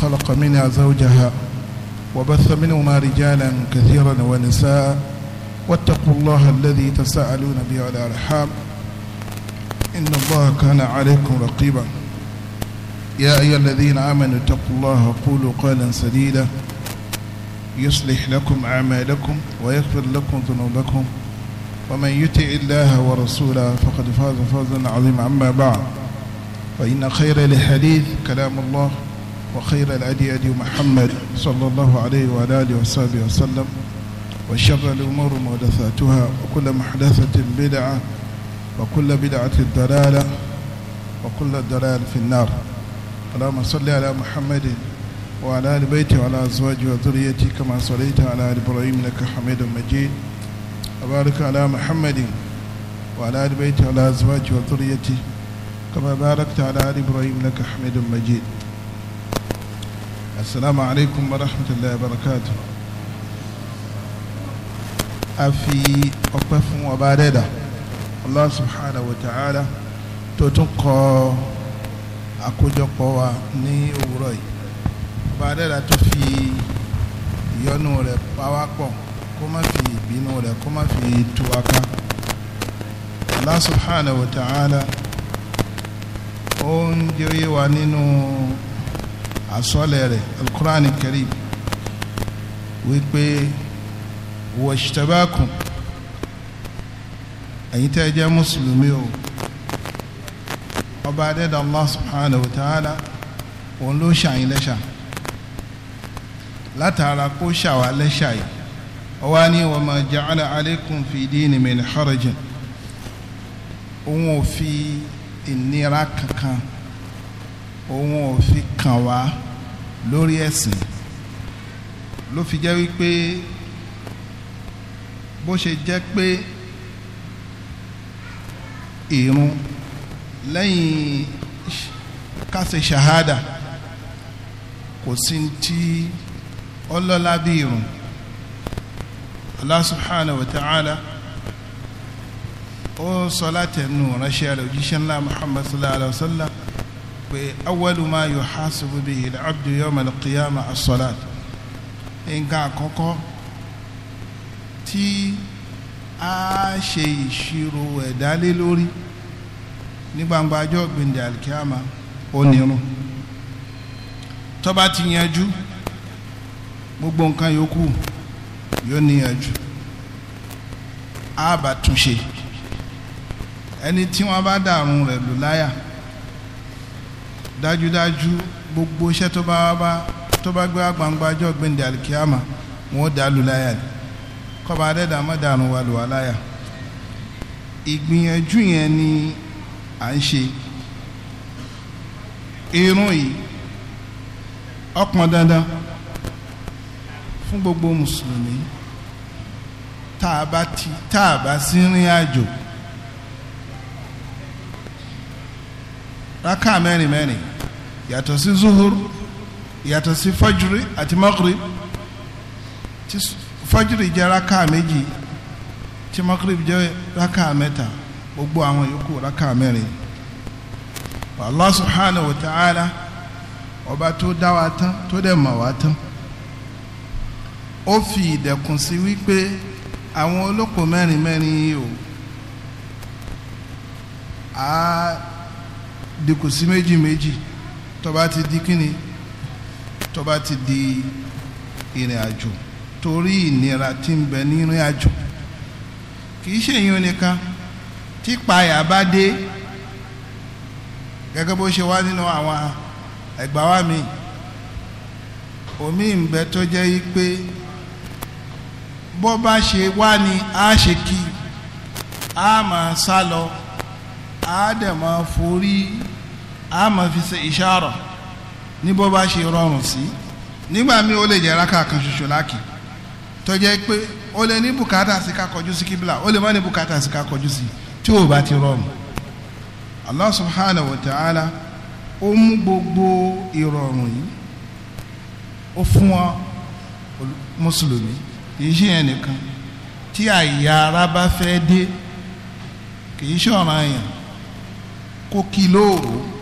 خلق منها زوجها وبث منهما رجالا كثيرا ونساء واتقوا الله الذي تساءلون به على الأرحام إن الله كان عليكم رقيبا يا أيها الذين آمنوا اتقوا الله وقولوا قولا سديدا يصلح لكم أعمالكم ويغفر لكم ذنوبكم ومن يطع الله ورسوله فقد فاز فوزا عظيما أما بعد فإن خير الحديث كلام الله وخير الأدي أدي محمد صلى الله عليه وعلى آله وصحبه وسلم وشر الأمور محدثاتها وكل محدثة بدعة وكل بدعة ضلالة وكل ضلال في النار اللهم صل على محمد وعلى آل بيته وعلى أزواجه وذريته كما صليت على آل إبراهيم إنك حميد مجيد وبارك على محمد وعلى آل بيته وعلى أزواجه وذريته كما باركت على آل إبراهيم إنك حميد مجيد السلام عليكم ورحمة الله وبركاته afi ọpẹ́ fún ọba dẹdà allah subhanahu wa ta'ala tó tún kọ àkójọpọ̀ wa ní òwúrọ̀ yìí ọba dẹdà tó fi ìyọ́nú rẹ̀ pawápọ̀ kó má fi ìbínú rẹ̀ kó má fi tú wa ká allah subhanahu wa ta'ala ó ń jẹ́ wa nínú àsọlẹ̀ rẹ̀ alukurani karim wípé wọ̀ṣtẹ́bákùn ẹ̀yin tẹ́ jẹ́ mùsùlùmí o ọba adẹ́dàá allah subhanahu wa ta'ala òun ló ṣàyìn lẹ́ṣà látara kó ṣàwà lẹ́ṣà yìí ọwá ní wa ma ja'ala alaykum fi dini min harajin òun ò fi ìnira kankan òun ò fi kàn wá lórí ẹ̀sìn ló fi jẹ́ wípé bó ṣe jẹ́ pé ìrun lẹ́yìn kásẹ̀ ṣahada kò sí tí ọlọ́lá bí ìrun Allah subhanahu wa ta'ala ó sọ látẹnu ránṣẹ́ rẹ̀ òjíṣẹ́ ńlá Muhammad sallallahu alaihi wa sallam pé awwalu ma yuhasabu bihi al-abdu yawma al-qiyama as-salat nǹkan àkọ́kọ́ tí a ṣe ìṣirò ẹ̀dá lé lórí ní gbangba ajọ́ gbèndé alikiyama onírun tó bá ti yanjú gbogbo nǹkan yòókù yóò níyanjú a bá túnṣe ẹni tí wọ́n bá dàrún rẹ̀ lù láyà dájúdájú gbogbo iṣẹ́ tó bá bá tó bá gbé agbangba ọjọ́ gbẹ̀ndẹ̀ alikiyama wọn ó dàlù láyà ni kọba adẹ́dà má dànù wà lù wá láyà ìgbìyànjú yẹn ni à ń ṣe irun yìí ọpọn dandan fún gbogbo mùsùlùmí tá a bá ti tá a bá sí rìn àjò. rákà mẹ́rin mẹ́rin yàtọ̀ sí zuhur yàtọ̀ sí fajiri àti maghrib tí fajiri jẹ́ rákà méjì tí maghrib jẹ́ rákà mẹ́ta gbogbo àwọn yòókù rákà mẹ́rin Allah subhanahu wa ta'ala ọba tó dá wa tán tó dẹ̀ mọ̀ wa tán ó fi ìdẹ̀kùn sí wípé àwọn olóko mẹ́rin mẹ́rin yìí o di kò sí méjì méjì tó ti di kíni tó bá ti di ìrìn àjò torí ìnira tí ń bẹ ní ìrìn àjò kì í ṣèyàn nìkan tí payà bá dé gẹ́gẹ́ bó ṣe wá nínú àwọn ẹ̀gbá wa mi omi ń bẹ tó jẹ́ yí pé bó bá ṣe wá ni a ṣe kí a máa sá lọ a dẹ̀ máa forí a máa fi ṣe ìṣàrọ̀ ní bó bá ṣe rọrùn sí nígbà míì ó lè jẹ́ rákà kan ṣoṣo láàkì tó jẹ́ pé ó lè ní bùkátà sí ká sí kíbla ó lè má ní bùkátà sí ká sí tí ò bá ti rọrùn Allah subhanahu wa ta'ala ó mú gbogbo ìrọ̀rùn yìí ó fún wọn mùsùlùmí kì ṣe yẹn nìkan tí àyà ara bá fẹ́ dé kì í ṣọ̀ràn yẹn kó kí lóòrò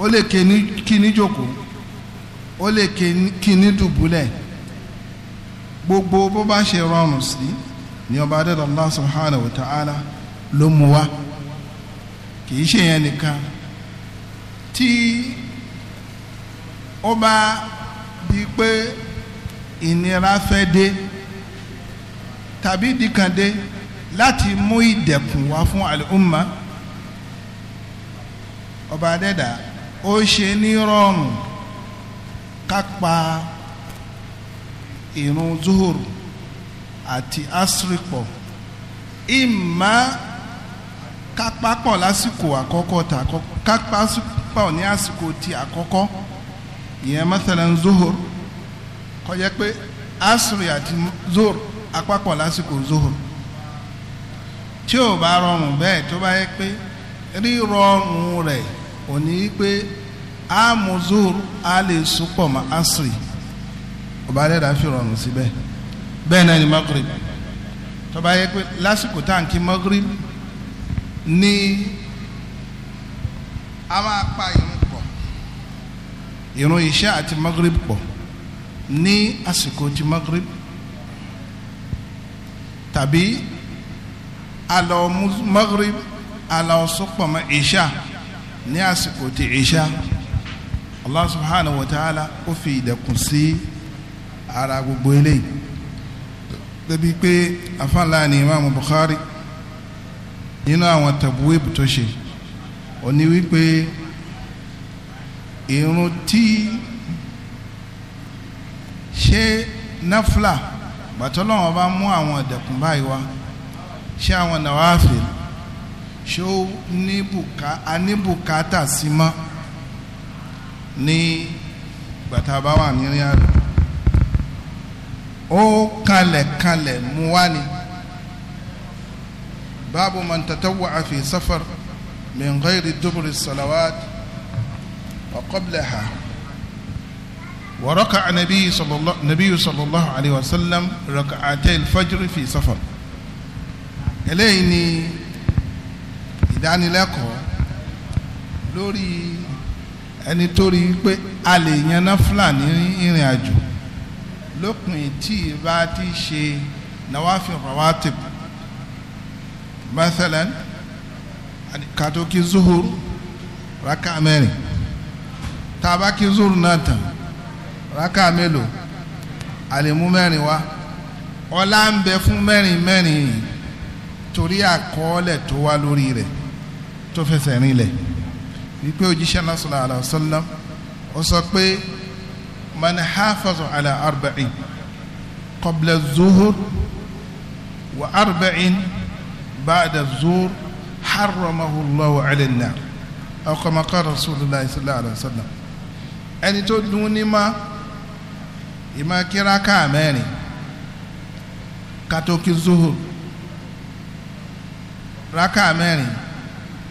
ó lè kí ní jòkó ó lè kí ní dùbúlẹ̀ gbogbo bó bá ṣe rọrùn sí ni ọba adẹ́dọ̀ Allah subhanahu wa ta'ala ló mú wa kì í ṣe yẹn nìkan tí ó bá di pé ìnira fẹ́ dé tàbí dìkàndé láti mú ìdẹ̀kùn wá fún al-umma ọba adẹ́dàá ó ṣe ní rọrùn ká irun ìrun zuhur àti asri pọ̀ ìmá kápá kapa lásìkò àkọ́kọ́ tà kápá pọ̀ ní àsìkò ti àkọ́kọ́ ìyẹn mathalan zuhur kọjá pé asri àti zuhur apapọ̀ lásìkò zuhur tí ò bá rọrùn bẹ́ẹ̀ tó bá yẹ pé rírọrùn rẹ̀ òní wípé amuzur a lè sopọ̀ mọ́ asiri ọba adẹ́dá fi rọrùn síbẹ̀ bẹ́ẹ̀ náà ni magrib tọba yẹ pé lásìkò táǹkì magrib ní a máa pa irun pọ̀ irun iṣẹ́ àti magrib pọ̀ ní àsìkò ti magrib tàbí alọ́ magrib alọ́ sopọ̀ mọ́ iṣẹ́ ní àsìkò ti ìṣá allah subhanahu wa ta'ala ó fi ìdẹ̀kùn sí ara gbogbo eléyìí débi pé afáńlá ni imaamu bukhari nínú àwọn tabuwéèbù tó ṣe ó ní wípé irun tí ṣé náfìlà bàtọ́lọ́wọ́n bá mú àwọn ìdẹ̀kùn báyìí wá ṣé àwọn nàwáfìlì ṣé ó ní bùká a ní bùkátà sí mọ́ ní gbàtà bá wà ní rìn àjò ó kalẹ̀ kalẹ̀ mú wá ni báàbò man tatawwa'a fi safar min ghayri duburi salawat wa qablaha وركع النبي صلى الله النبي صلى الله عليه وسلم ركعتي الفجر في سفر eléyìí ni ìdánilẹ́kọ̀ọ́ lórí ẹni tó rí pé a lè yanná fúlàní ìrìn àjò lópin tí ìbá ti ṣe nawafil rawatib mathalan katoki zuhur raka mẹ́rin tabaki zuhur náà tán raka mélòó àlèmú mẹ́rin wá ọlá ń bẹ fún mẹ́rin mẹ́rin torí àkọọ́lẹ̀ tó wá lórí rẹ̀ tó fẹsẹ̀ rinlẹ̀ wípé òjíṣẹ́ náà sallallahu alaihi wasallam ó sọ pé man hafaza ala arba'in qabla zuhur wa arba'in ba'da zuhur haramahu Allahu ala an-nar aw kama qala rasulullah sallallahu alaihi wasallam ẹni tó dún ní ma ìmọ̀ kíráká mẹ́rin katoki zuhur ráká mẹ́rin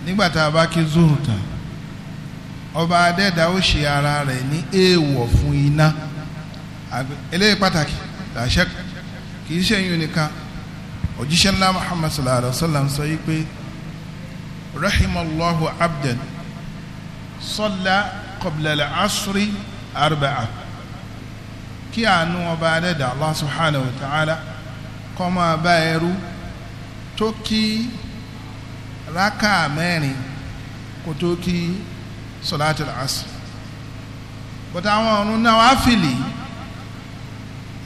nígbà tá a bá kí zuru tán ọba adẹ́dá ó ṣe ara rẹ̀ ní èèwọ̀ fún iná eléyìí pàtàkì làṣẹ kì í ṣe yín nìkan òjíṣẹ́ ńlá muhammad sallallahu alayhi wa sallam sọ yìí pé rahimallahu abdan salla qabla al-asri kí àánú ọba adẹ́dá allah subhanahu wa ta'ala kó máa bá ẹrú tó kí. Raka mẹ́rin kó tó kí sọ̀láàtì làásì bọ́tà àwọn ọ̀run náà wá fìlì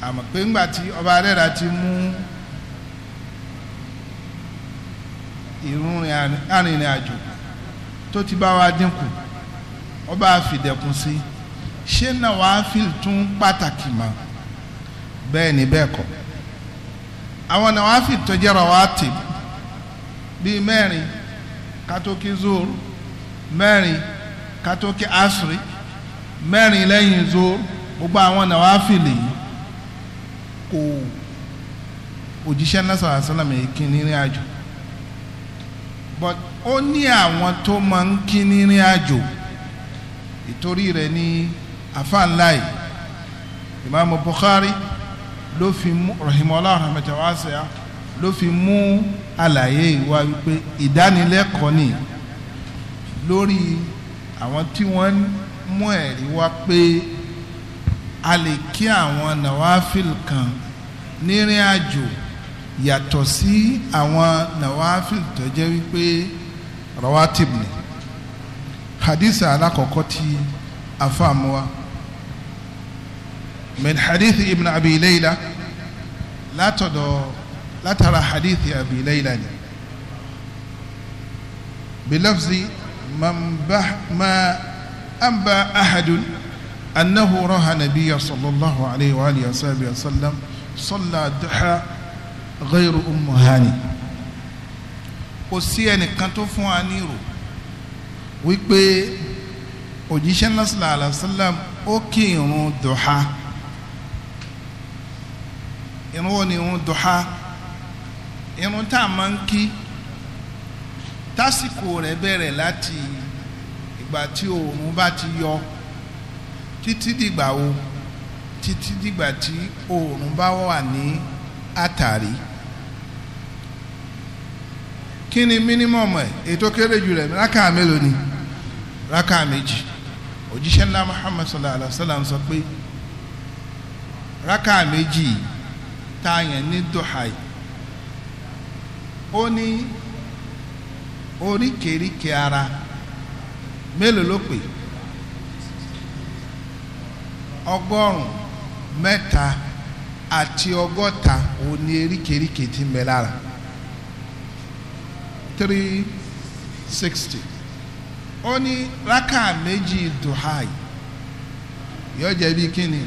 àmọ́ pé ńgbà tí ọba adẹ́ra ti mú ìrún arìnrìn tó ti bá wa dínkù ọba àfìdẹ̀kùn sí ṣé náà wá fìlì tún pàtàkì mọ́ bẹ́ẹ̀ ni bẹ́ẹ̀ kọ́ àwọn náà wá fìlì tó jẹ́ rawatib bíi mẹ́rin kátókí zoro mẹ́rin kátókí asiri mẹ́rin lẹ́yìn zoro gbogbo àwọn nàwáfìlì kò òjíṣẹ́ náà sọ̀rọ̀ sọ́nàmì kíní rìn àjò but ó ní àwọn tó máa ń kíní rìn àjò ìtorí rẹ̀ ní àfáànlá yìí Imam Bukhari ló fi mú rahimola rahmatulahi ló fi mú àlàyé ìwà wípé ìdánilẹ́kọ̀ọ́ ni lórí àwọn tí wọ́n mú ẹ̀rí wá pé a lè kí àwọn nawafil kan nírìn àjò yàtọ̀ sí àwọn nawafil tó jẹ́ wípé rawatib ni hadith alakọ̀kọ́ ti afamuwa min hadith ibn abi layla látọ̀dọ̀ látara hadithi Abi Layla ni bilafzi ma amba ahadun annahu raha nabiyya sallallahu alayhi wa alihi wa sallam salla duha ghayru ummu hani kò sí ẹnìkan tó fún wa ní ìrò wípé òjíṣẹ́ náà sallallahu alayhi ó kí irun duha irun wo ni irun duha irun tá a máa ń kí tásìkò rẹ̀ bẹ̀rẹ̀ láti ìgbà tí oòrùn bá ti yọ títí dìgbà wo títí dìgbà tí oòrùn bá wà ní àtàrí kí ni minimum ẹ̀ ètò kéré jù rẹ̀ rákà mélòó ni rákà méjì òjíṣẹ́ ńlá Muhammad sallallahu alaihi wa sallam sọ pé rákà méjì táyà ní dùhàì ó ní oríkèéríkèé ara mélòó ló pè ọgọ́rùn mẹ́ta àti ọgọ́ta ó ní eríkèéríkèé lára three sixty ó ní rákà méjì duhai yóò jẹ́ kíni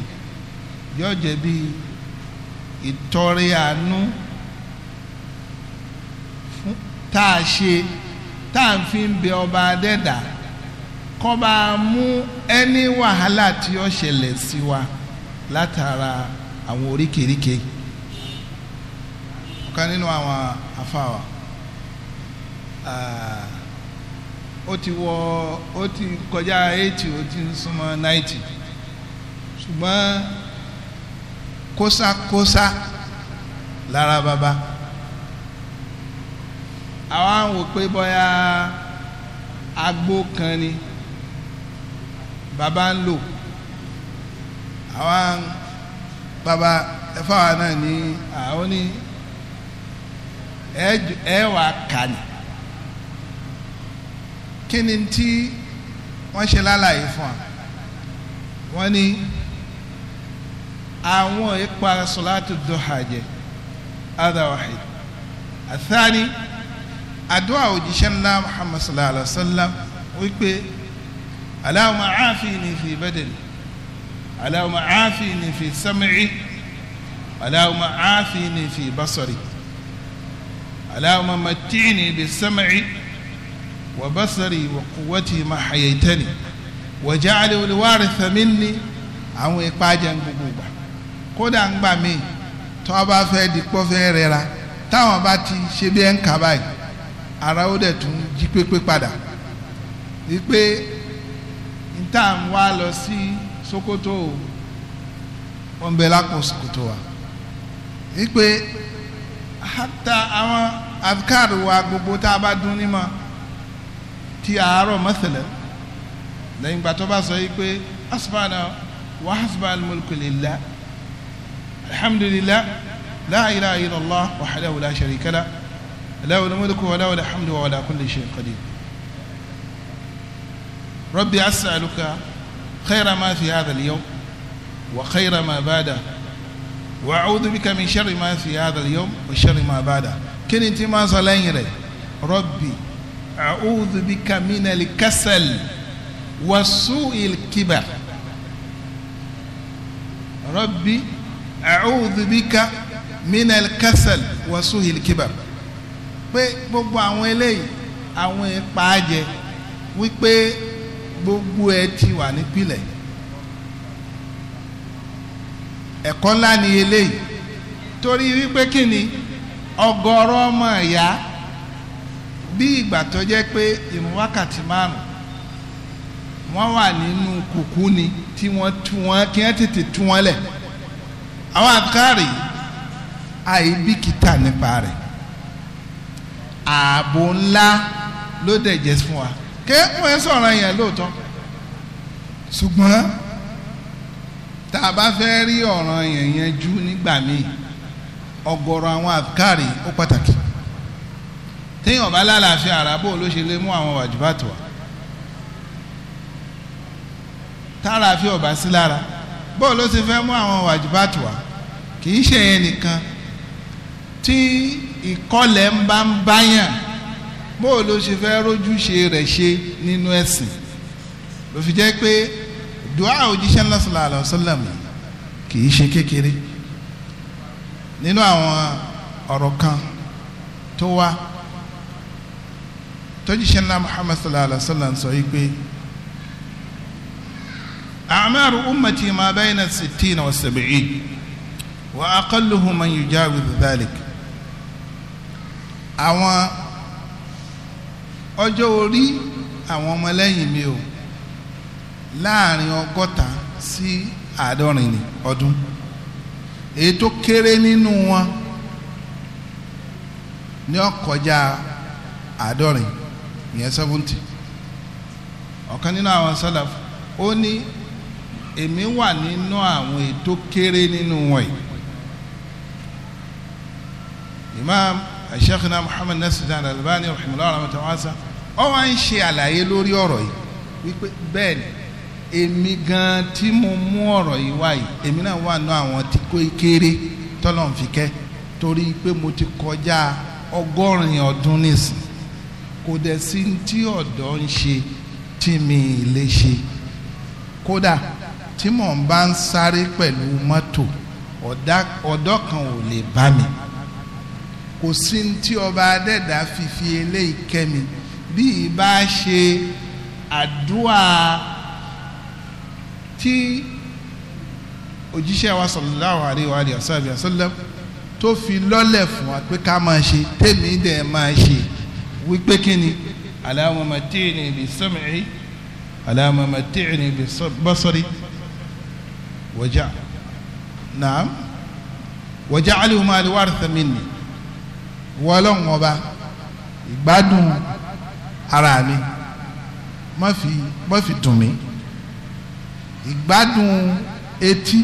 tá a ṣe tá a fi ń bẹ ọba adẹ́dà kó bá mú ẹni wàhálà tí ó ṣẹlẹ̀ sí wa látara àwọn oríkèéríkèé ọ̀kan nínú àwọn afáwà ó ti wọ ó ti kọjá eighty ó ti ń súnmọ́ ninety ṣùgbọ́n kósákósá lára bàbá àwa ń wò pé bóyá agbó kan ni bàbá ń lò àwa ń bàbá ẹ̀fọ́ àwa náà ní àwọn ní ẹ wà kà kí ni tí wọ́n ṣe lálàyé fún wa wọ́n ní àwọn ìpa sọ̀látù dọ̀hà jẹ́ adàwáhì àtàní àdúrà òjíṣẹ́ ńlá muhammad sallallahu alaihi wa sallam wípé allahumma aafini fi badani allahumma aafini fi sam'i allahumma aafini fi basari allahumma matti'ni bi sam'i wa basari wa quwwati ma hayaytani wa ja'al al-waritha minni àwọn ipa jẹ́ gbogbo gbà kódà ń gbà mí tọ́ fẹ́ dikpọ́ fẹ́ rẹ̀ táwọn bá ti ṣe bí ẹ̀ ń kà báyìí ara ó dẹ̀ tún jí pépé padà wípé níta ń wá lọ sí Sokoto wọn bẹ lápò Sokoto wa wípé hata àwọn adkar wa gbogbo tá a bá dún ní ma ti àárọ̀ mọ́sẹ̀lẹ̀ lẹ́yìn gbàtọ́ bá sọ yìí asubana wa hasbal mulku lillah alhamdulillah la ilaha illallah wahdahu la له الملك وله الحمد وهو على كل شيء قدير ربي أسألك خير ما في هذا اليوم وخير ما بعده وأعوذ بك من شر ما في هذا اليوم وشر ما بعده كن انت ما صلين ربي أعوذ بك من الكسل وسوء الكبر ربي أعوذ بك من الكسل وسوء الكبر pé gbogbo àwọn eléyìí àwọn ipa jẹ wípé gbogbo ẹ ti wà nípìlẹ̀ ẹ̀kọ́ ńlá ni eléyìí torí wípé kí ni ọ̀gọ̀rọ̀ ọmọ ìyá bí ìgbà tó jẹ́ pé ìrun wákàtí márùn wọ́n wà nínú kùkú ni tí wọ́n tú wọn kí wọ́n tètè tú wọn lẹ̀ àwọn àkárì àìbìkítà nípa rẹ̀ ààbò ńlá ló dẹ̀ jẹ́ fún wa kéèkùn ẹ sọ̀rọ̀ yẹn lóòótọ́ ṣùgbọ́n tá a bá fẹ́ rí ọ̀ràn yẹn yẹn jú nígbà míì ọ̀gọ̀rọ̀ àwọn àkàrí ó pàtàkì téèyàn bá lálàáfíà ara bó ló ṣe lè mú àwọn wàjúbà tó wa tára fi ọ̀bà sí lára bó ló ṣe fẹ́ mú àwọn wàjúbà wa kì í ṣe yẹn nìkan tí ìkọlẹ̀ ń bá ń báyàn bóò ló ṣe fẹ́ rójúṣe rẹ̀ ṣe nínú ẹ̀sìn ló fi jẹ́ pé dùá òjíṣẹ́ ńlá sallallahu alaihi wasallam kì í ṣe kékeré nínú àwọn ọ̀rọ̀ kan tó wá tójíṣẹ́ ńlá Muhammad sallallahu alaihi wasallam sọ yìí pé a'maru ummati ma bayna sittina wa sab'in wa aqalluhu man yujawiz dhalik. àwọn ọjọ́ orí àwọn ọmọlẹ́yìn mi o láàrin ọgọ́ta sí àádọ́rin ọdún èyí tó kéré nínú wọn ní ọkọjá àádọ́rin ìyẹn seventy ọ̀kan nínú àwọn sálàfù ó ní èmi wà nínú àwọn èyí tó kéré nínú wọn yìí imam Sheikhna Muhammad Nasiruddin Albani rahimahullah rahmatan wasa ọ wá ń ṣe àlàyé lórí ọ̀rọ̀ yìí wípé bẹ́ẹ̀ ni èmi gan tí mo mú ọ̀rọ̀ yìí wá yìí èmi náà wà nù àwọn tí kò kéré tọ́lọ́n fi kẹ́ torí pé mo ti kọjá ọgọ́rin ọdún nísìn kò dẹ̀ sí tí ọ̀dọ́ ń ṣe tí mi lè ṣe kódà tí mò ń bá ń sáré pẹ̀lú mọ́tò ọ̀dọ́ kan ò lè bá mi kò sí tí ọba adẹ́dá fífi eléyìí kẹ́mi bí ìbá ṣe àdúrà tí òjíṣẹ́ wa sallallahu alaihi wa sallam tó fi lọ́lẹ̀ fún wa pé ká máa ṣe tèmi dẹ̀ máa ṣe wípé kí ni Allahumma matti'ni bi sam'i Allahumma matti'ni bi basari waja'al naam waja'alhuma al-waritha minni wọlọ́hún ọba ìgbádùn ara mi má fi má fi dùn mí ìgbádùn etí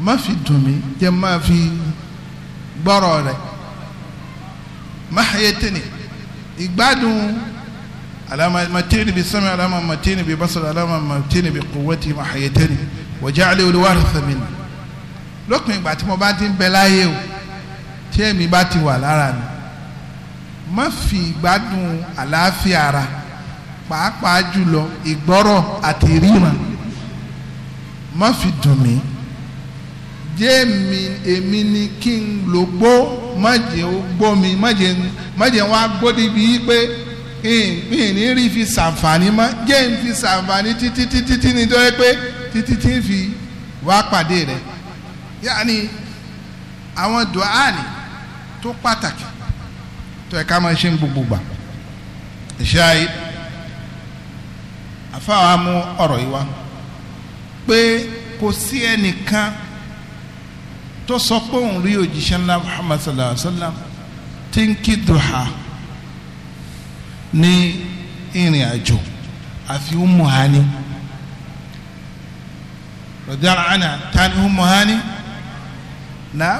má fi dùn mí jẹ́ má fi gbọ́rọ̀ rẹ̀ mahayetini ìgbádùn alama matini bi sami alama matini bi basal alama matini bi kowati mahayetini wàjà alẹ́ olúwa fẹ́mi lópin ìgbà tí mo bá ti ń bẹ láyé o tẹ́ẹ̀mí bá ti wà lára mi má fi ìgbádùn àlàáfíà ara pàápàá jùlọ ìgbọ́rọ̀ àti ríran má fi dùn mí jẹ́ mi èmi ni kí n lò gbó má jẹ́ ó gbó mi má jẹ́ má jẹ́ wá gbó débi pé mi ní rí fi ṣàǹfààní má jẹ́ n fi ṣàǹfààní títí títí tí nítorí pé títí tí n fi wá pàdé rẹ̀ yáà ni àwọn dùn áàní tó pàtàkì tó ẹ̀ka máa ṣe ń gbogbo gbà ìṣe ayé àfáà mú ọ̀rọ̀ yìí wá pé kò sí ẹnìkan tó sọ pé òun rí òjíṣẹ́ ńlá Muhammad sallallahu alayhi wa sallam tí ń kí duha ní ìrìn àjò àfi Ummu Hani radiyallahu anha tani Ummu Hani náà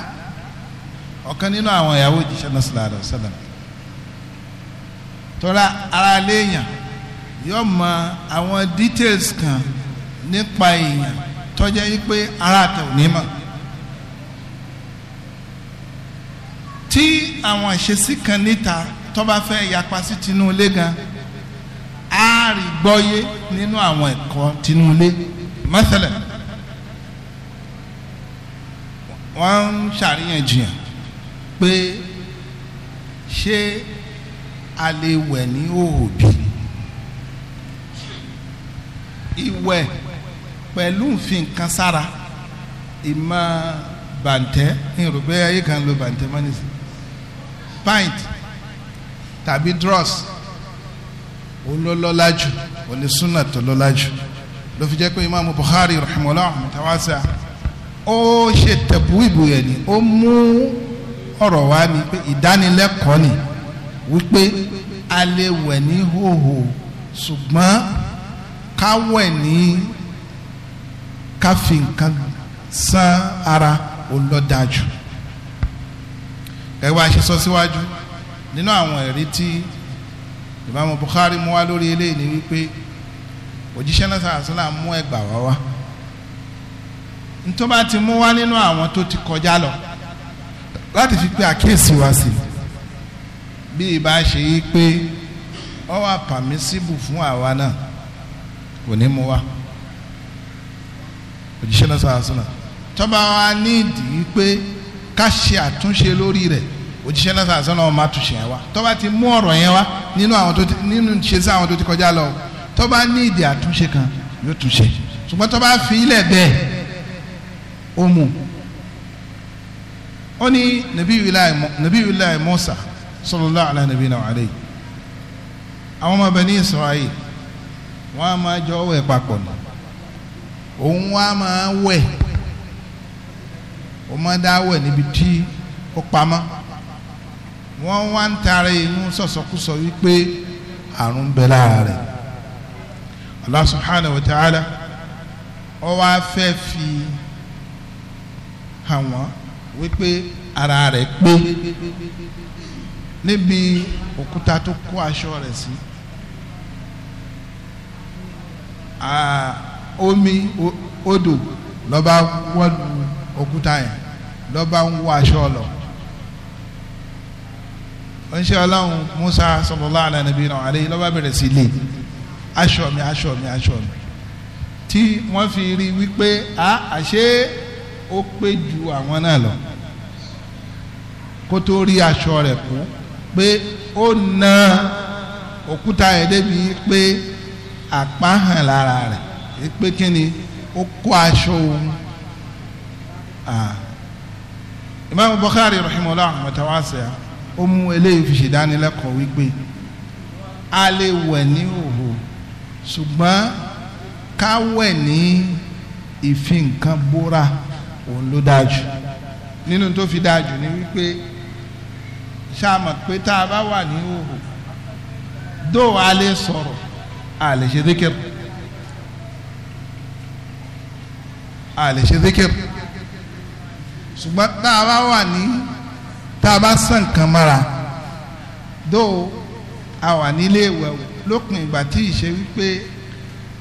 ọ̀kan nínú àwọn ìyàwó òjíṣẹ́ náà sallallahu alaihi wasallam tọ́ra ara léèyàn yóò mọ àwọn details kan nípa èèyàn tọ́jẹ́ wípé ara àtẹ̀ ò ní mọ̀ tí àwọn ìṣesí kan níta tó bá fẹ́ yapa sí tinúlé gan á rí gbọ́yé nínú àwọn ẹ̀kọ́ tinúlé mẹ́sẹ̀lẹ̀ wọ́n ń ṣàríyànjiyàn pé ṣé a lè wẹ̀ ní òòbí ìwẹ̀ pẹ̀lú nfin kan sára ìmọ̀ bàǹtẹ́ ní ìròpé ayé kan lo bàǹtẹ́ mọ́nìsì pint tàbí dross olólọ́lá jù onísúnà tó lọ́lá jù ló fi jẹ́ pé imaamu Bukhari rahimahullah mutawasa ó ṣe tẹ̀bú ìbò yẹn ni ó mú ọ̀rọ̀ wa ni pé ìdánilẹ́kọ̀ọ́ ni wípé a lè wẹ̀ ní hòhò ṣùgbọ́n ká wẹ̀ ní ká fi nǹkan san ara olọ́dájú gẹ́gẹ́ bá a ṣe sọ síwájú nínú àwọn ẹ̀rí tí ìbámu Bukhari mú wá lórí eléyìí ni wípé òjíṣẹ́ náà sàásùlà mú ẹgbàá wá wá ntọ́ bá ti mú wá nínú àwọn tó ti kọjá lọ láti fi pé àkíyèsí wa sí bí ìbá ṣe yí pé ọ wà pàmísíbù fún àwa náà kò ní mú wa òjíṣẹ́ náà sọ àṣùnà tọ́ba wa ní ìdí pé ká ṣe àtúnṣe lórí rẹ̀ òjíṣẹ́ náà sọ àṣùnà ọmọ àtúnṣe yẹn wa tọ́ba ti mú ọ̀rọ̀ yẹn wa nínú àwọn tó ti nínú ṣe sí àwọn tó ti kọjá lọ tọ́ba ní ìdí àtúnṣe kan yóò túnṣe ṣùgbọ́n tọ́ba fi ilẹ̀ bẹ́ẹ̀ ó mú un ó ní nabiyulayi musa sallallahu ala nabiyina wa alayhi àwọn ọmọ bani israel wọn a máa jọ wẹ̀ papọ̀ nù òun wọn a máa wẹ̀ òun máa dá wẹ̀ níbi tí ó pamọ́ wọn wá ń taara inú sọ̀sọ̀kúsọ wípé àrùn ń bẹ lára wa ta'ala ó wá fẹ́ fi hàn wọ́n wípé ara rẹ̀ pé níbi òkúta tó kó aṣọ rẹ̀ sí omi odò lọ́ba wọ́lu òkúta yẹn lọ́ba ń wọ aṣọ lọ oníṣẹ́ ọlọ́run Musa sallallahu ala nabiyina alayhi lọ́ba bẹ̀rẹ̀ sí lè aṣọ mi aṣọ mi aṣọ mi tí wọ́n fi rí wípé a àṣé ó pé ju àwọn náà lọ kó tó rí aṣọ rẹ̀ kú pé ó na òkúta yẹn débi pé àpá hàn lára rẹ̀ pé kí ni ó kó aṣọ òun. Imam Bukhari rahimahullah mọ̀tàwáṣẹ́ ó mú eléyìí fi ṣèdánilẹ́kọ̀ọ́ wípé a lè wẹ̀ ní òhò ṣùgbọ́n ká wẹ̀ ní ìfi nǹkan bóra òun ló dájú nínú tó fi dájú ni wípé ṣáàmọ̀ pé tá a bá wà ní òhò dó a lè sọ̀rọ̀ a lè ṣe dékẹ́ a lè ṣe dékẹ́ ṣùgbọ́n tá a bá wà ní tá a bá sàn kan mọ́ra dó a wà nílé ìwẹ̀ lópin ìgbà tí ìṣe wípé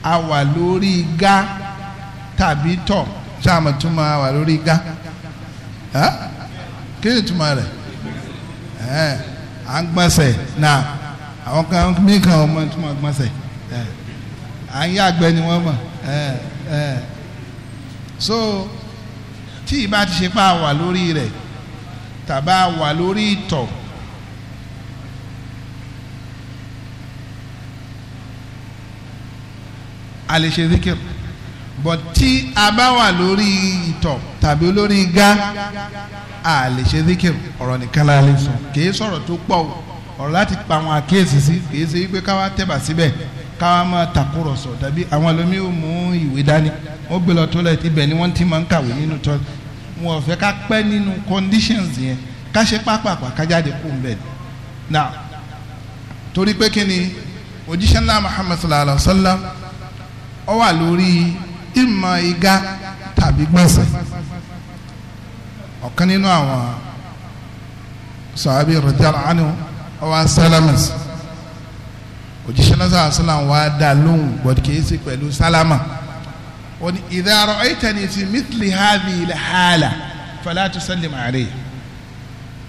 a wà lórí gá tàbí tọ̀ ṣáàmọ̀ tún máa wà lórí gá kí ni ìtumọ̀ rẹ̀. Eh, agbase na àwọn kan mí kan ọmọ tí eh, eh, so tí ìbá ti ṣe pa wà lórí tàbá wà lórí a lè ṣe zikir but tí a bá wà lórí a lè Ọrọ díkìrù ọ̀rọ̀ nìkan la lè sọ kìí sọ̀rọ̀ o ọ̀rọ̀ láti pa àwọn àkíyèsí sí kìí ṣe wípé káwá tẹ̀bà síbẹ̀ káwá máa tàkúrọ̀sọ tàbí àwọn ẹlòmíì ò mú ìwé dání wọ́n gbé lọ ni wọ́n ti máa ń kàwé nínú tọ́lẹ̀ wọn ò fẹ́ ká pẹ́ nínú conditions yẹn ká ṣe pápákọ̀ ká jáde kó na torí ọ̀kan nínú àwọn sàbí rẹ̀díàlá ánú ọwọ́ sálámàsì òjíṣẹ́ lọ́sàn àṣàlàn wà dá lóhùn gbọ́dọ̀ kìí sí pẹ̀lú sálámà wọ́n ní idha ra'aytani fi mithli hadhihi al-hala fala tusallim alayya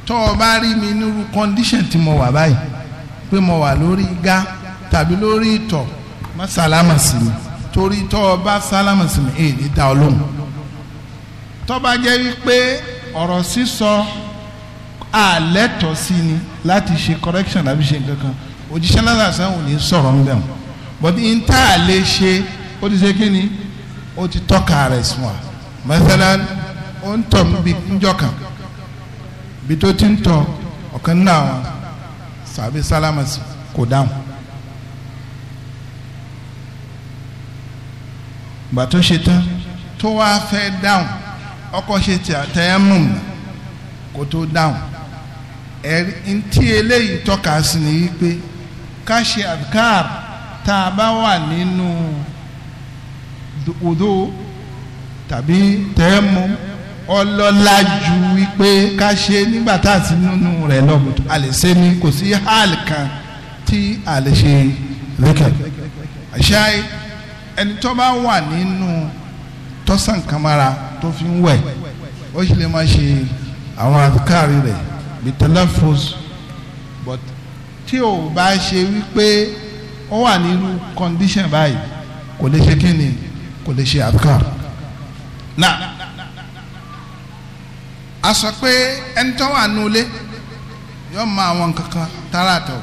tó o bá rí mi nírú kọ́ndíṣàn tí mo wà báyìí pé mo wà lórí igá tàbí lórí ìtọ̀ má sálámà sí mi torí tó o bá sálámà sí mi èyí ní dá ọ lóhùn tó bá jẹ́ wípé ọ̀rọ̀ sísọ àlẹ́tọ̀ sí ni láti ṣe correction àbí ṣe nǹkan kan òjíṣẹ́ náà sẹ́wọ̀n ní sọ̀rọ̀ ń bẹ̀rù but n tá a lè ṣe ó ti ṣe kí ni ó ti tọ́ka rẹ̀ sùn wa mẹ́sàlán ó ń tọ̀ níbi níjọ́ kan bí tó ti ń tọ̀ ọ̀kan nínú àwọn sàbí sálámà kò dáhùn. bàtó ṣe tán tó wáá fẹ́ dáhùn ọkọ ṣe ti àtẹyẹmùm kó tó dáhùn ẹ̀rí ntí eléyìí tọ́ka sí ni wípé ká ṣe adkar tá a bá wà nínú odó tàbí tẹ́mùm ọlọ́lá ju wípé ká ṣe nígbà tá a sì nínú rẹ̀ lọ́mọdé a lè ṣe ni kò sí hàl kan tí a lè ṣe lókè àṣà ẹni tó bá wà nínú. No, tọ́sán kamara tó fi ń wẹ̀ ó sì lè má ṣe àwọn àbíkárì rẹ̀ bí tẹlẹfos but tí ò bá ṣe wípé ó wà nínú condition báyìí kò lè ṣe kí ni kò lè ṣe àbíkárì náà a sọ pé ẹni tó wà nulẹ̀ yóò mọ àwọn kankan tààrà tọ̀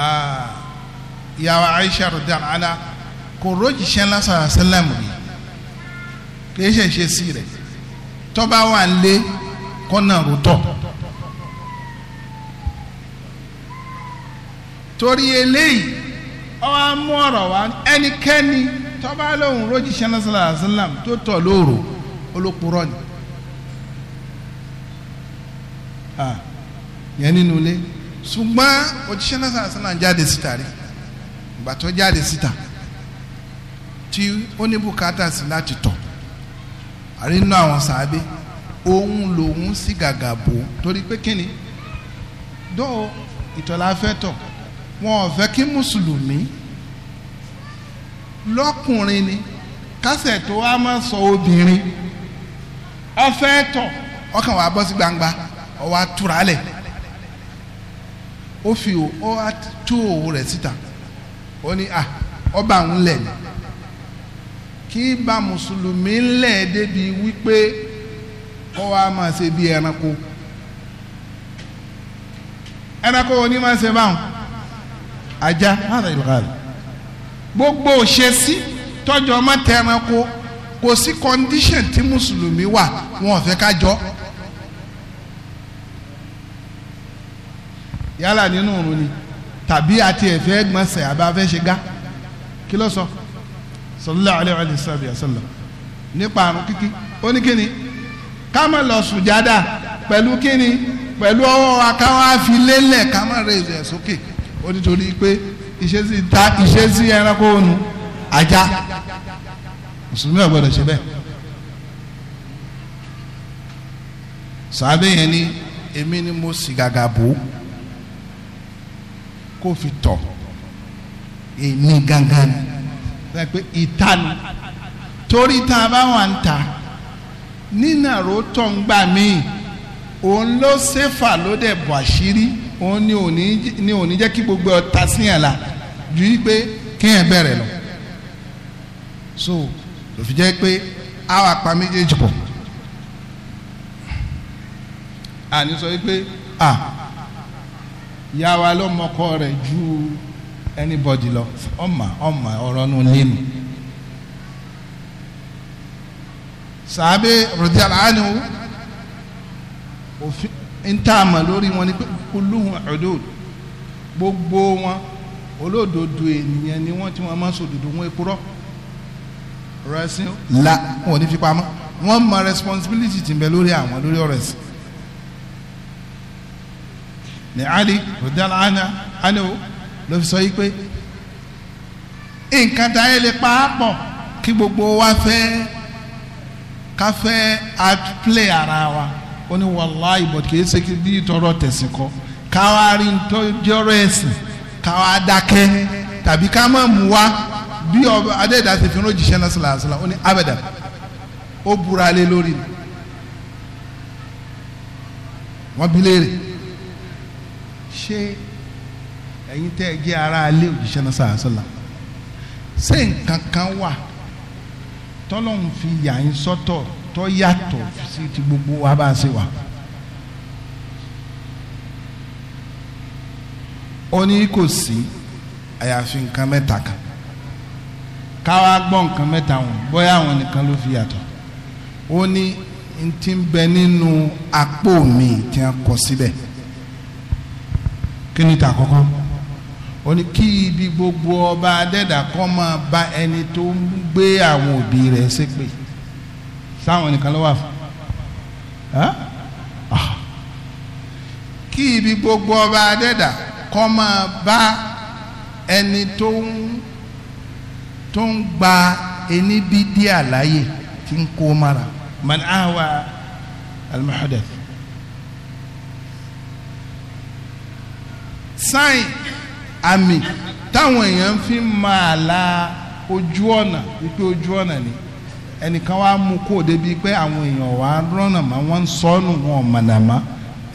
ah, ìyàwó Aisha rẹ̀ dáná kò rójìṣẹ́ lásán àṣẹlẹ̀mù rí kìí ṣe ṣe sí rẹ̀ tọ́ba wà lé kọ́nà rútọ̀ torí eléyìí ọwọ́ mú ọ̀rọ̀ wá ẹnikẹ́ni tọ́ba lóhùn rójìṣẹ́ lásán àṣẹlẹ̀mù tó tọ̀ lóòrò olókùrọ̀ ni yẹn nínú ilé ṣùgbọ́n òjíṣẹ́ lásán àṣẹlẹ̀mù jáde síta rí ìgbà tó jáde síta tí ó ní bùkátà sí láti tọ̀ àrínú àwọn sàábé òun lòun sí gàgà bò torí pé kíni dọ́ọ̀ ìtọ́lá fẹ́ tọ̀ wọn ò fẹ́ kí mùsùlùmí lọ́kùnrin ni kásẹ̀ tó wá máa sọ obìnrin ọfẹ́ tọ̀ ọkàn wàá bọ́ sí gbangba ọwọ́ àtúralẹ̀ ó fi ó tú òwò rẹ̀ síta ó ní à ọba àwọn lẹ̀ ni kí ba mùsùlùmí ńlẹ̀ débi wípé kó wa máa ṣe bí ẹranko ẹranko wo ni máa ṣe báwọn ajá hàdà ìlúkàlì gbogbo òṣèṣì tọjọ ọmọ tẹ ẹranko kò sí condition tí mùsùlùmí wà wọn ò fẹ́ ká jọ. yálà nínú òrùn ni tàbí àti ẹ̀fẹ́ gbọ̀nsẹ̀ àbá fẹ́ ṣe gá kí ló sọ. So? sallallahu alayhi wa sallam nípa àrùn kíkí ó ní kíni ká má lọ sùjádà pẹ̀lú kíni pẹ̀lú ọwọ́ wa ká wá fi lélẹ̀ ká má raise ẹ̀ sókè ó nítorí pé ìṣesí ta ìṣesí ẹranko ònu ajá mùsùlùmí ò gbọdọ̀ ṣe bẹ́ẹ̀. sàbẹ̀ yẹn ni èmi ni mo sì gàgà bò ó kó fi tọ̀ èmi gangan ni pé ìtanu torí tá a bá wà ń ta nínàró tó ń gbà míì òun ló ṣèfà ló dẹ̀ bọ̀ àṣírí òun ni òní ni òní jẹ́ kí gbogbo ọ̀tá sí yàn la ju pé kéèyàn bẹ̀rẹ̀ lọ so ló fi jẹ́ pé àwọn apá méjèèjì pọ̀ àní sọ wípé à yà wá lọ́mọkọ rẹ̀ ju anybody lọ ọmọ ọmọ ọ̀rọ̀ nù lẹ́nu. sàbẹ rọdí aláàánú òfin ntaama lórí wọn ni pé kulluhum udud gbogbo wọn olódodo ènìyàn ni wọn tí wọn máa ń sòdodo wọn èkúrọ ọ̀rọ̀ la wọn ò ní fi pamọ́ wọn mọ responsibility ti ń bẹ lórí àwọn lórí ọ̀rọ̀ ẹ̀sìn ní Ali rọdí aláàánú ló fi sọ yìí pé nǹkan tá a yẹ lè pa á pọ̀ kí gbogbo wa fẹ́ ká fẹ́ outplay ara wa ó ní wàláì bọ̀ kì í ṣe bí ìtọ́rọ̀ tẹ̀sìn kọ́ ká wá rí ìtọ́jọ́rọ̀ ẹ̀sìn ká wá dákẹ́ tàbí ká má mú wa bí ọba adéèdá ti fi ránjíṣẹ́ náà sílá sílá ó ní abẹ́dà ó búra lé lórí ni wọ́n bi léèrè ṣé ẹ̀yin tẹ́ ẹ jẹ́ ara alẹ́ òjíṣẹ́ náà sàásọ́là ṣé nǹkan kan wà tọ́lọ́hún fi yà ń sọ́tọ̀ tó yàtọ̀ sí ti gbogbo wa bá a ṣe wà. ó ní kò sí àyàfi nǹkan mẹ́ta kan káwa gbọ́ nǹkan mẹ́ta wọn bóyá àwọn nìkan ló fi yàtọ̀ ó ní n ti bẹ nínú apò mi tí a kọ síbẹ̀ kí ni ta kọ́kọ́ ó ní kí ibi gbogbo ọba adẹ́dà kọ́ máa ba ẹni tó ń gbé àwọn òbí rẹ̀ ṣépè sáwọn nìkan ló wà fún ah. kí ibi gbogbo ọba adẹ́dà kọ́ máa bá ẹni tó ń tó ń gba ẹni bí díẹ̀ àláyè tí ń kó mara man awa al sáyìn àmì táwọn èèyàn fi máa la ojú ọ̀nà wípé ojú ọ̀nà ni ẹnìkan wàá mú kó o débi pé àwọn èèyàn wàá rọ́nà mọ́ wọ́n ń sọ́nù wọn mọ̀nà mọ́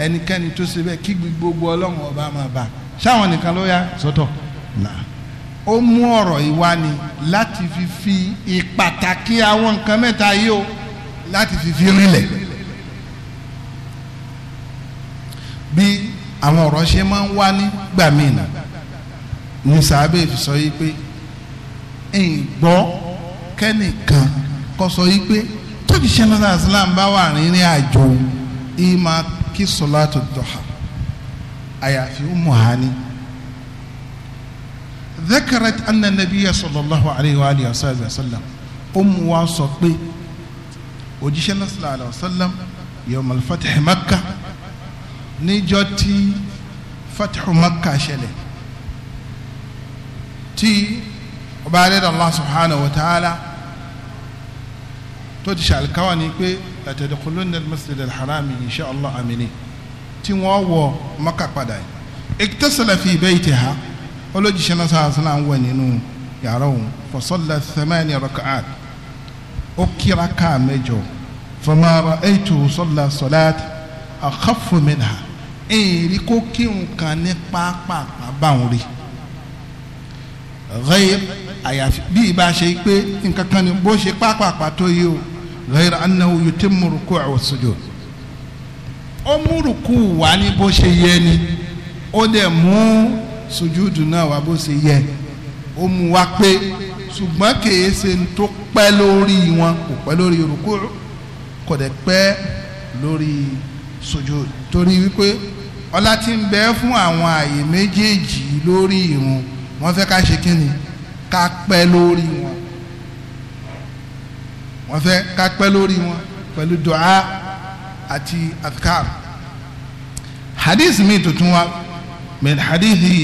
ẹnikẹ́ni tó ṣe bẹ́ẹ̀ kí gbogbo ọlọ́run ọba máa bá ṣáwọn nìkan ló yá sọ́tọ̀ náà ó mú ọ̀rọ̀ ìwá ni láti fi fi ìpàtàkì àwọn nǹkan mẹ́ta yìí o láti fi fi rinlẹ̀ bí àwọn ọ̀rọ̀ ṣe máa ń wá nígbà míì musa abẹ́ fi sọ yìí pé ìgbọ́ kẹ́nìkan kọ́ sọ yìí pé tóbi sẹ́nata islam bá wà rìnrìn àjò ìmà kí sọláàtò dọ̀hà àyàfi umu hani zakarat anna nabiya sallallahu alayhi wa alihi wa sallam umu wa sọ pé òjíṣẹ́ náà sallallahu alayhi wa sallam yawm al-fath tí ọba adẹ́dàá Allah subhanahu wa ta'ala tó ti ṣàlùkáwà ní pé latadkhulunna al-masjid al-haram insha Allah amini tí wọ́n wọ maka padà yìí iktasala fi baytiha olójúṣe náà sáà sínú àwọn nínú yàrá òun fa salla thamani raka'at ó kíra káà mẹ́jọ fama ra'aytu salla salat akhaffu minha kó kírun kan ní pápá báwọn rí ghayr àyàfi bí ibà ṣe pé nǹkan kan ni bó ṣe pápápá tó yìí o ghayr annahu yutimmu ruku'a wa sujud ó mú rùkú wá ní bó ṣe yẹ ni ó dẹ̀ mú sujúdù náà wá bó ṣe yẹ ó mú wá pé ṣùgbọ́n kìí ṣe tó pẹ́ lórí wọn kò pẹ́ lórí rùkú kò dẹ̀ pẹ́ lórí sujúdù torí wípé ọlá tí ń bẹ fún àwọn àyè méjèèjì lórí irun wọ́n fẹ́ ká ṣe kínni ká pẹ́ lórí wọn wọ́n fẹ́ ká pẹ́ lórí wọn pẹ̀lú dùá àti adhkar hadith mi tuntun wa min hadithi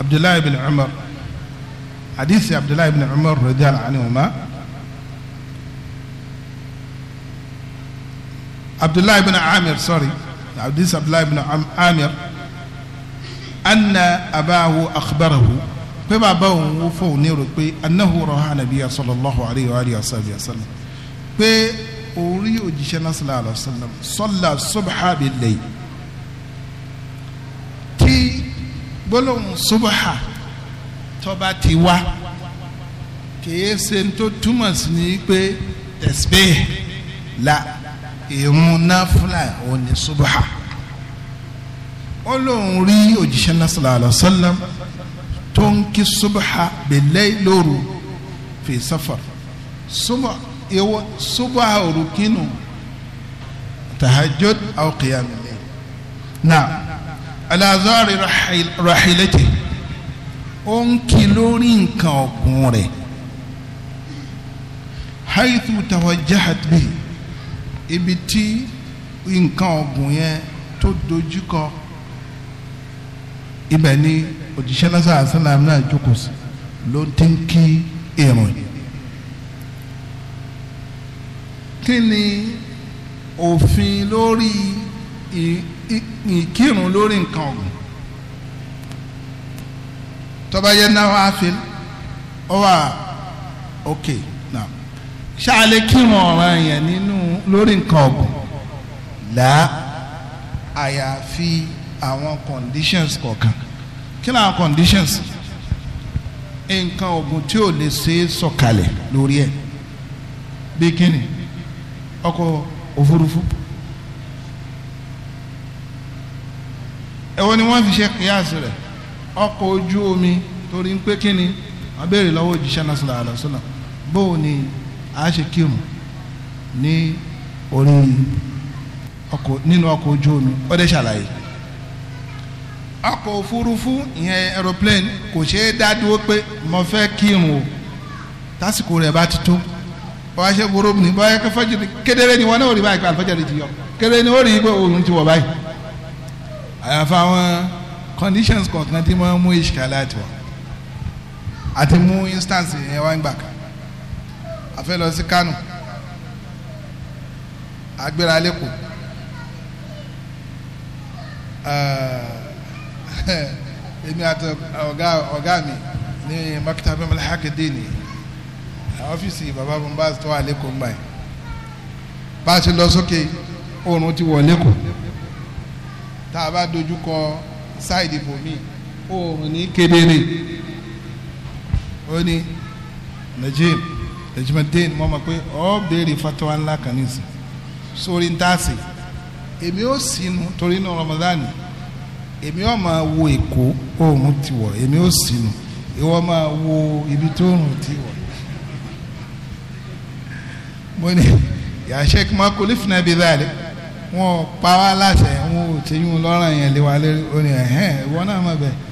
abdullahi ibn umar hadithi abdullahi ibn umar radiyallahu anhuma abdullahi ibn amir sorry hadithi abdullahi ibn amir anna abahu akhbarahu pé bàbá òun ó fọ òun nírò pé anahu raha nabiya sallallahu alayhi wa alihi wa sallam pé òun rí òjíṣẹ́ náà sallallahu alayhi wa sallam salla subha bil layl tí gbólóhùn subha tọba ti wá kìí ṣe tó túmọ̀ sí ni pé tasbih la ìrun náà fúlà òun ni subha ó lóun rí òjíṣẹ́ náà sallallahu alaihi wasallam tó ń kí subha bẹ̀lẹ́ lóru fi safar subha òru kínú tahajjud aw qiyam al-layl náà alazari rahilati ó ń kí lórí nǹkan ọ̀gùn rẹ̀ haythu tawajjahat bihi ibi tí nǹkan ọ̀gùn yẹn tó dojúkọ ibẹ̀ ni òjíṣẹ́ lásán àṣàlám náà jókòó sí ló ti ń kí irun kí ni òfin lórí ìkírun lórí nǹkan ọ̀gbìn tọ́ba yẹn náà wá fi ọ wà òkè náà ṣáàlè kírun ọ̀ràn yẹn nínú lórí nǹkan ọ̀gbìn là àyàfi àwọn conditions kọ̀ọ̀kan kí ni àwọn conditions nǹkan oògùn tí ò lè ṣe é sọ̀kalẹ̀ lórí ẹ̀ bí kíni ọkọ̀ òfurufú ẹ̀wọ́n ni wọ́n fi ṣe kíyàsí rẹ̀ ọkọ̀ ojú omi torí pé kíni wọ́n béèrè lọ́wọ́ òjíṣẹ́ náà sallallahu alaihi wasallam bóò ni a ṣe kírun ní orí ọkọ̀ nínú ọkọ̀ ojú omi ó dé ṣàlàyé ọkọ̀ òfurufú ìyẹn aeroplane kò ṣeé dá dúró pé mo fẹ́ kírun o tásìkò rẹ̀ bá ti tó ọba ṣe gbòòrò ní báyìí kẹfọ́jìrì kedere ni wọn náà rí báyìí pé àlùfọ́jìrì ti yọ kedere ni ó rí pé oòrùn ti wọ̀ báyìí àyàfà àwọn conditions kọ̀ọ̀kan tí wọ́n mú ìṣìkàlẹ̀ àti wọ̀ àti mú instance yẹn wá ń gbà kan a fẹ́ lọ sí Kánò agbéra lẹ́kọ̀ọ́. èmi àti ọ̀gá ọ̀gá mi ní makita abẹ́mọ́lá hakadini ọ́fíìsì baba bombaz tó wà lẹ́kọ̀ọ́ mbà yìí bá a ṣe lọ sókè oòrùn ti wọ̀ lẹ́kọ̀ọ́ tá a bá dojú kọ sáìdì bòmí oòrùn ní kedere ó ní najim najimadin mọ́ ma pé ọ́ béèrè fatawa ńlá kan nísìn sórí ń tàsí èmi ó sinú torí náà Ramadan yìí èmi ò máa wo èkó oòrùn ti wọ̀ èmi ò sínú ìwọ máa wo ibi tó oòrùn ti wọ̀ mo ní yàṣẹ kí n máa kólé fúnra bí dáadé wọn pa wá láṣẹ wọn ò tẹyún lọ́rùn yẹn lé lórí ẹ̀hẹ́n ìwọ náà mọ̀ bẹ́ẹ̀.